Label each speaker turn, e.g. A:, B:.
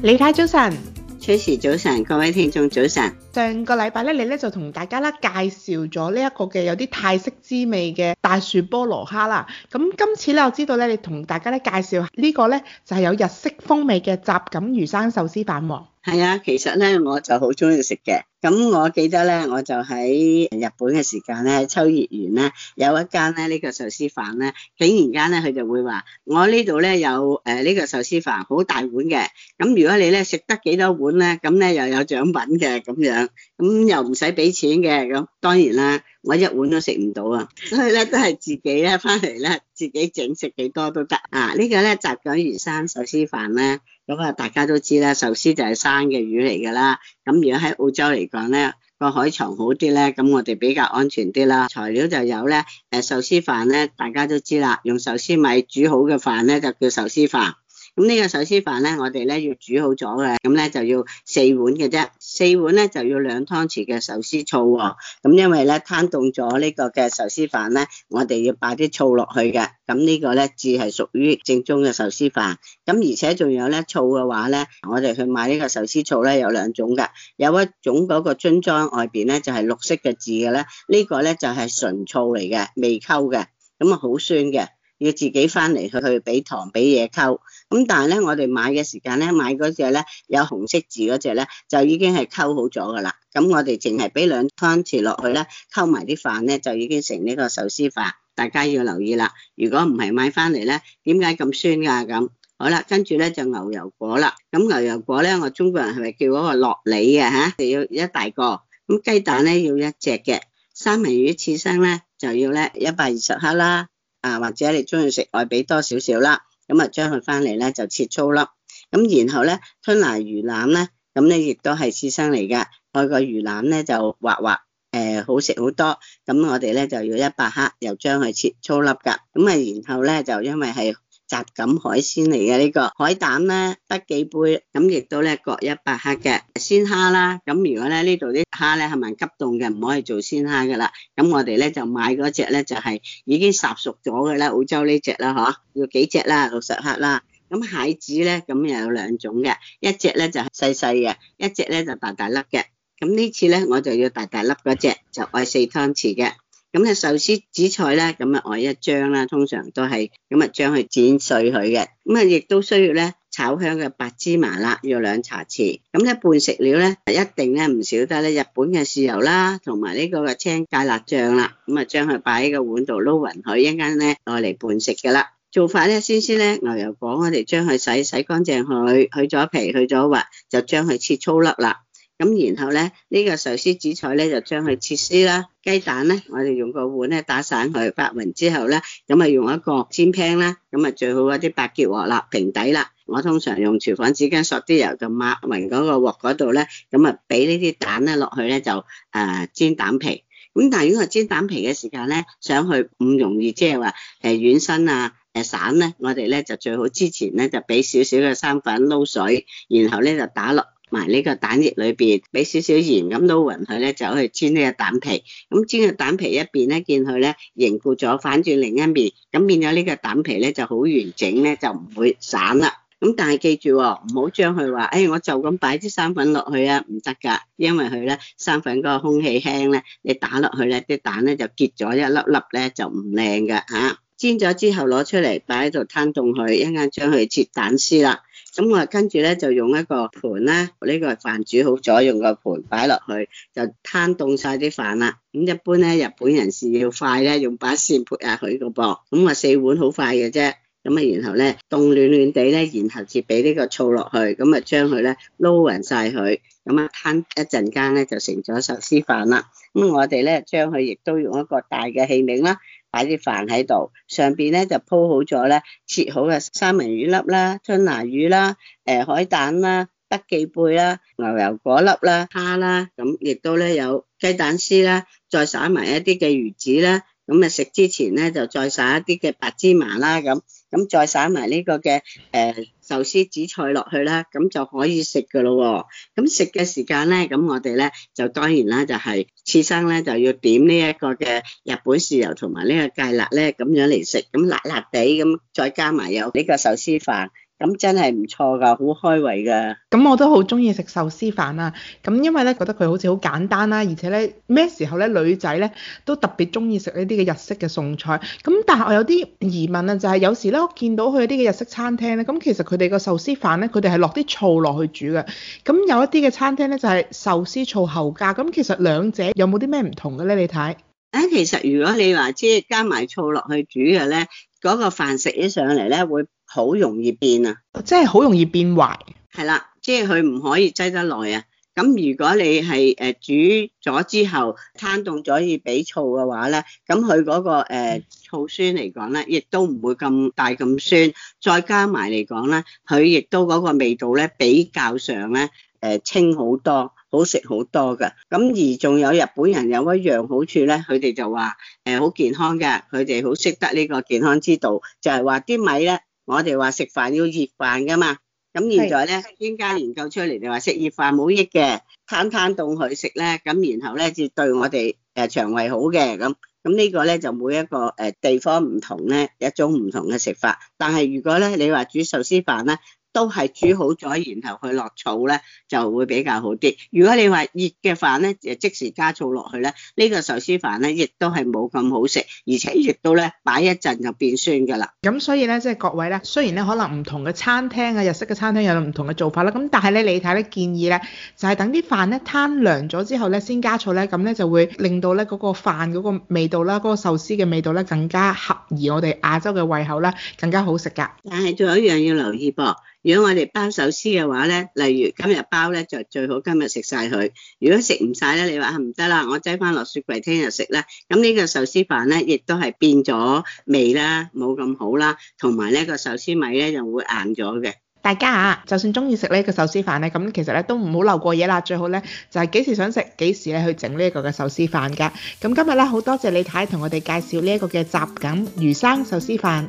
A: 李太早晨，崔氏
B: 早晨，各位聽眾早晨。
A: 上個禮拜咧，你咧就同大家啦介紹咗呢一個嘅有啲泰式滋味嘅大樹菠蘿蝦啦。咁今次咧我知道咧，你同大家咧介紹呢個咧就係有日式風味嘅雜錦魚生壽司飯喎。係啊，其
B: 實咧我就好中意食嘅。咁我記得咧，我就喺日本嘅時間咧，秋葉原咧有一間咧呢、呢個壽司飯咧，竟然間咧佢就會話，我呢度咧有誒呢個壽司飯好大碗嘅。咁如果你咧食得幾多碗咧，咁咧又有獎品嘅咁樣，咁又唔使俾錢嘅咁。當然啦，我一碗都食唔到啊，所以咧都係自己咧翻嚟咧自己整食幾多都得啊。呢個、呢個咧雜錦魚生壽司飯咧。咁啊，大家都知啦，壽司就係生嘅魚嚟㗎啦。咁如果喺澳洲嚟講，呢個海牀好啲呢，咁我哋比較安全啲啦。材料就有呢誒壽司飯咧，大家都知啦，用壽司米煮好嘅飯呢，就叫壽司飯。咁呢個壽司飯咧，我哋咧要煮好咗嘅，咁咧就要四碗嘅啫，四碗咧就要兩湯匙嘅壽司醋喎。咁因為咧攤凍咗呢個嘅壽司飯咧，我哋要擺啲醋落去嘅。咁呢個咧字係屬於正宗嘅壽司飯。咁而且仲有咧醋嘅話咧，我哋去買呢個壽司醋咧有兩種㗎，有一種嗰個樽裝外邊咧就係、是、綠色嘅字嘅咧，這個、呢個咧就係、是、純醋嚟嘅，未溝嘅，咁啊好酸嘅。要自己翻嚟去去俾糖俾嘢溝，咁但係咧，我哋買嘅時間咧，買嗰隻咧有紅色字嗰隻咧，就已經係溝好咗噶啦。咁我哋淨係俾兩湯匙落去咧，溝埋啲飯咧就已經成呢個壽司飯。大家要留意啦，如果唔係買翻嚟咧，點解咁酸噶、啊、咁？好啦，跟住咧就牛油果啦。咁牛油果咧，我中國人係咪叫嗰個落梨嘅吓？就、啊、要一大個。咁雞蛋咧要一隻嘅，三文魚刺身咧就要咧一百二十克啦。啊，或者你中意食外比多少少啦，咁啊，將佢翻嚟咧就切粗粒，咁然後咧吞拿魚腩咧，咁咧亦都係刺身嚟噶，外個魚腩咧就滑滑，誒、呃、好食好多，咁我哋咧就要一百克，又將佢切粗粒噶，咁啊，然後咧就因為係。雜錦海鮮嚟嘅呢個海膽咧得幾杯咁，亦都咧各一百克嘅鮮蝦啦。咁如果咧呢度啲蝦咧係咪急凍嘅，唔可以做鮮蝦噶啦。咁我哋咧就買嗰隻咧就係、是、已經烚熟咗嘅啦，澳洲呢隻啦，吓、啊、要幾隻啦，六十克啦。咁蟹子咧咁又有兩種嘅，一隻咧就係細細嘅，一隻咧就是、大大粒嘅。咁呢次咧我就要大大粒嗰隻，就愛四湯匙嘅。咁啊壽司紫菜咧，咁啊我一張啦，通常都係咁啊將佢剪碎佢嘅，咁啊亦都需要咧炒香嘅白芝麻啦，要兩茶匙，咁咧拌食料咧，一定咧唔少得咧，日本嘅豉油啦，同埋呢個嘅青芥辣醬啦，咁啊將佢擺喺個碗度撈匀佢，一陣間咧攞嚟拌食噶啦。做法咧先先咧牛油果我將，我哋將佢洗洗乾淨佢，去咗皮去咗核，就將佢切粗粒啦。咁然後咧，這個、呢個壽司紫菜咧就將佢切絲啦。雞蛋咧，我哋用個碗咧打散佢，發勻之後咧，咁啊用一個煎盤啦，咁啊最好嗰啲白結鑊啦，平底啦。我通常用廚房紙巾索啲油就抹勻嗰個鑊嗰度咧，咁啊俾呢啲蛋咧落去咧就誒、呃、煎蛋皮。咁但係如果煎蛋皮嘅時間咧，想去唔容易即係話誒軟、呃、身啊誒、呃、散咧，我哋咧就最好之前咧就俾少少嘅生粉撈水，然後咧就打落。埋呢個蛋液裏邊，俾少少鹽咁撈勻佢咧，就去煎呢個蛋皮。咁煎個蛋皮一邊咧，見佢咧凝固咗，反轉另一面，咁變咗呢個蛋皮咧就好完整咧，就唔會散啦。咁但係記住、哦，唔好將佢話，誒、哎、我就咁擺啲生粉落去啊，唔得㗎，因為佢咧生粉嗰個空氣輕咧，你打落去咧啲蛋咧就結咗一粒粒咧就唔靚㗎嚇。煎咗之後攞出嚟擺喺度攤凍佢，一陣間將佢切蛋絲啦。咁我跟住咧就用一個盤啦，呢個係飯煮好咗用個盤擺落去，就攤凍晒啲飯啦。咁一般咧日本人是要快咧，用把扇撥下佢個噃。咁啊四碗好快嘅啫。咁啊然後咧凍暖暖地咧，然後接俾呢個醋落去，咁啊將佢咧撈勻晒佢，咁啊攤一陣間咧就成咗壽司飯啦。咁我哋咧將佢亦都用一個大嘅器皿啦，擺啲飯喺度，上邊咧就鋪好咗咧，切好嘅三文魚粒啦、吞拿魚啦、誒、呃、海膽啦、北極貝啦、牛油果粒啦、蝦啦，咁亦都咧有雞蛋絲啦，再撒埋一啲嘅魚子啦，咁啊食之前咧就再撒一啲嘅白芝麻啦咁。咁再灑埋呢個嘅誒壽司紫菜落去啦，咁就可以食噶咯。咁食嘅時間咧，咁我哋咧就當然啦，就係刺身咧就要點呢一個嘅日本豉油同埋呢個芥辣咧，咁樣嚟食，咁辣辣地咁，再加埋有呢個
A: 壽司飯。咁真係唔錯㗎，好開胃㗎。咁我都好中意食壽司飯啦、啊。咁因為咧覺得佢好似好簡單啦、啊，而且咧咩時候咧女仔咧都特別中意食呢啲嘅日式嘅餸菜。咁但係我有啲疑問啊，就係、是、有時咧我見到佢啲嘅日式餐廳咧，咁其實佢哋個壽司飯咧，佢哋係落啲醋落去煮嘅。咁有一啲嘅餐廳咧就係、是、壽司醋後加。咁其實兩者有冇啲咩唔同嘅咧？你睇？誒，其實如果
B: 你話即係加埋醋落去煮嘅咧，嗰、那個飯食起上嚟咧會。好容易變啊，即係好容易變壞。係啦，即係佢唔可以擠得耐啊。咁如果你係誒煮咗之後攤凍咗以俾醋嘅話咧，咁佢嗰個誒、呃、醋酸嚟講咧，亦都唔會咁大咁酸。再加埋嚟講咧，佢亦都嗰個味道咧比較上咧誒、呃、清好多，好食好多噶咁而仲有日本人有一樣好處咧，佢哋就話誒好健康嘅，佢哋好識得呢個健康之道，就係話啲米咧。我哋話食飯要熱飯噶嘛，咁現在咧專家研究出嚟，就話食熱飯冇益嘅，攤攤凍佢食咧，咁然後咧就對我哋誒腸胃好嘅咁，咁呢個咧就每一個誒地方唔同咧，一種唔同嘅食法，但係如果咧你話煮壽司飯咧。都係煮好咗，然後去落醋咧就會比較好啲。如果你話熱嘅飯咧，就即時加醋落去咧，這個、壽呢個壽司飯咧亦都係冇咁好食，而且亦都咧擺一陣就變酸噶啦。
A: 咁所以咧，即、就、係、是、各位咧，雖然咧可能唔同嘅餐廳啊，日式嘅餐廳有唔同嘅做法啦、啊，咁但係咧你睇咧建議咧，就係、是、等啲飯咧攤涼咗之後咧先加醋咧，咁咧就會令到咧嗰、那個飯嗰個味道啦、啊，嗰、那個壽司嘅味道咧、啊、更加合宜我哋亞洲嘅胃口啦、啊，更加好食噶。
B: 但係仲有一樣要留意噃。如果我哋包壽司嘅話呢，例如今日包呢，就最好今日食晒佢。如果食唔晒呢，你話唔得啦，我擠翻落雪櫃聽日食呢。咁呢個壽司飯呢，亦都係變咗味啦，冇咁好啦，同埋呢個壽司米呢，就會硬咗嘅。
A: 大家啊，就算中意食呢個壽司飯呢，咁其實呢，都唔好留過夜啦，最好呢，就係幾時想食幾時咧去整呢一個嘅壽司飯噶。咁今日呢，好多謝李太同我哋介紹呢一個嘅雜錦魚生壽司飯。